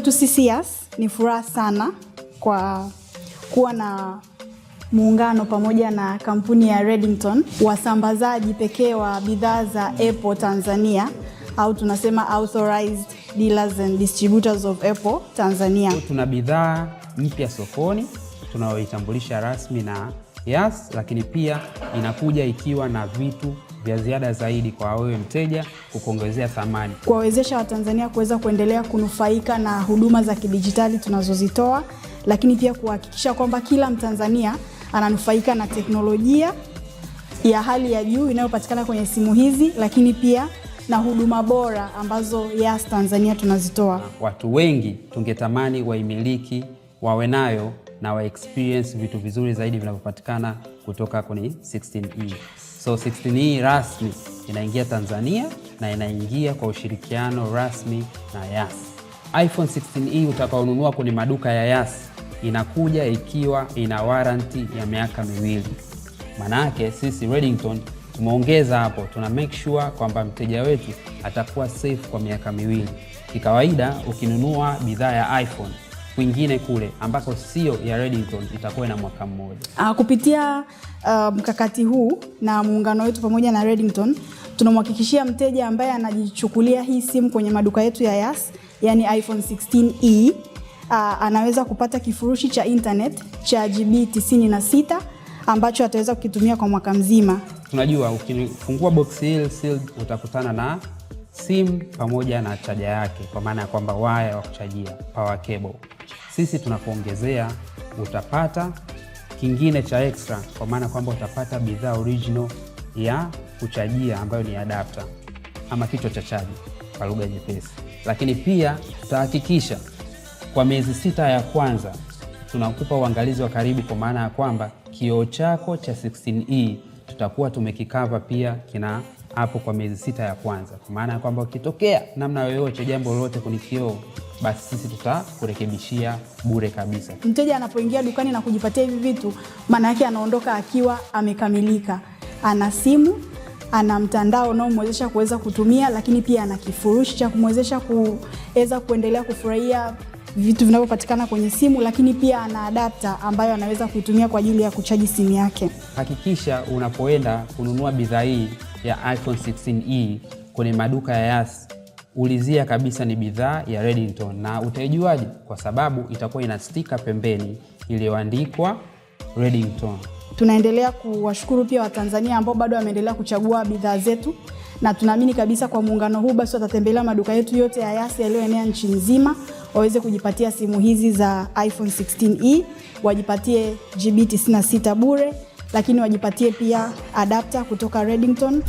kwetu CCS ni furaha sana kwa kuwa na muungano pamoja na kampuni ya Redington, wasambazaji pekee wa bidhaa za Apple Tanzania, au tunasema authorized dealers and distributors of Apple Tanzania. Tuna bidhaa mpya sokoni tunaoitambulisha rasmi na yes, lakini pia inakuja ikiwa na vitu vya ziada zaidi kwa wewe mteja kukuongezea thamani, kuwawezesha Watanzania kuweza kuendelea kunufaika na huduma za kidijitali tunazozitoa, lakini pia kuhakikisha kwamba kila Mtanzania ananufaika na teknolojia ya hali ya juu inayopatikana kwenye simu hizi, lakini pia na huduma bora ambazo Yas Tanzania tunazitoa. Watu wengi tungetamani waimiliki wawe nayo na wa experience vitu vizuri zaidi vinavyopatikana kutoka kwenye 16E. So 16E rasmi inaingia Tanzania na inaingia kwa ushirikiano rasmi na Yas. iPhone 16E utakaonunua kwenye maduka ya Yas inakuja ikiwa ina warranty ya miaka miwili. Manake sisi Redington tumeongeza hapo, tuna make sure kwamba mteja wetu atakuwa safe kwa miaka miwili. Kikawaida ukinunua bidhaa ya iPhone kwingine kule ambako sio ya Redington itakuwa na mwaka mmoja. Uh, kupitia uh, mkakati huu na muungano wetu pamoja na Redington tunamhakikishia mteja ambaye anajichukulia hii simu kwenye maduka yetu ya Yas, yani iPhone 16e uh, anaweza kupata kifurushi cha internet cha GB 96 ambacho ataweza kukitumia kwa mwaka mzima. Tunajua ukifungua box hii sealed utakutana na simu pamoja na chaja yake, kwa maana ya kwamba waya wa kuchajia power cable sisi tunakuongezea, utapata kingine cha extra, kwa maana kwamba utapata bidhaa original ya kuchajia ambayo ni adapter ama kichwa cha chaji kwa lugha nyepesi. Lakini pia tutahakikisha kwa miezi sita ya kwanza tunakupa uangalizi wa karibu, kwa maana ya kwamba kioo chako cha 16E tutakuwa tumekikava pia kina hapo kwa miezi sita ya kwanza, kwa maana ya kwamba ukitokea namna yoyote jambo lolote kwenye kioo, basi sisi tutakurekebishia bure kabisa. Mteja anapoingia dukani na kujipatia hivi vitu, maana yake anaondoka akiwa amekamilika, ana simu ana mtandao unaomwezesha kuweza kutumia, lakini pia ana kifurushi cha kumwezesha kuweza kuendelea kufurahia vitu vinavyopatikana kwenye simu, lakini pia ana adapta ambayo anaweza kuitumia kwa ajili ya kuchaji simu yake. Hakikisha unapoenda kununua bidhaa hii ya iPhone 16e kwenye maduka ya Yas ulizia kabisa ni bidhaa ya Redington, na utaijuaje? Kwa sababu itakuwa ina stika pembeni iliyoandikwa Redington. Tunaendelea kuwashukuru pia Watanzania ambao bado wameendelea kuchagua bidhaa zetu na tunaamini kabisa kwa muungano huu basi watatembelea maduka yetu yote ya Yas yaliyoenea nchi nzima waweze kujipatia simu hizi za iPhone 16e, wajipatie GB 96 bure, lakini wajipatie pia adapter kutoka Redington.